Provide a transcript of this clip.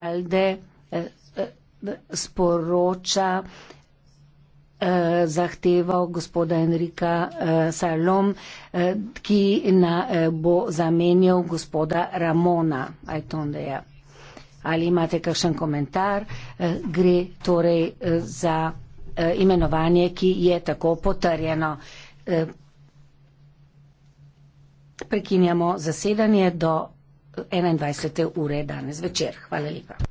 Alde eh, eh, sporoča eh, zahteval gospoda Enrika Salom, ki bo zamenjal gospoda Ramona Aitondeja. Ali imate kakšen komentar? Gre torej za imenovanje, ki je tako potrjeno. Prekinjamo zasedanje do 15.30. 21. ure danes večer. Hvala lepa.